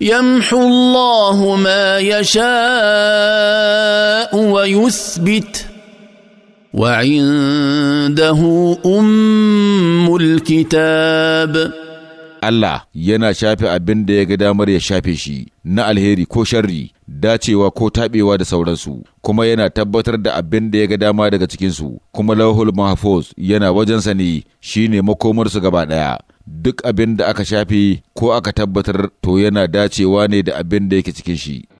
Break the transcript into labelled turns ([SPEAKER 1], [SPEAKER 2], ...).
[SPEAKER 1] يمحو الله ما يشاء
[SPEAKER 2] ويثبت وعنده ام
[SPEAKER 3] الكتاب Allah yana shafe abin da ya ga damar ya shafe shi na alheri ko sharri dacewa ko taɓewa da sauransu kuma yana tabbatar da abin da ya ga dama daga cikinsu kuma lauhul mahfuz yana wajensa ne shine makomarsu gaba ɗaya duk abin da aka shafe ko aka tabbatar to yana dacewa ne da abin da yake cikin shi.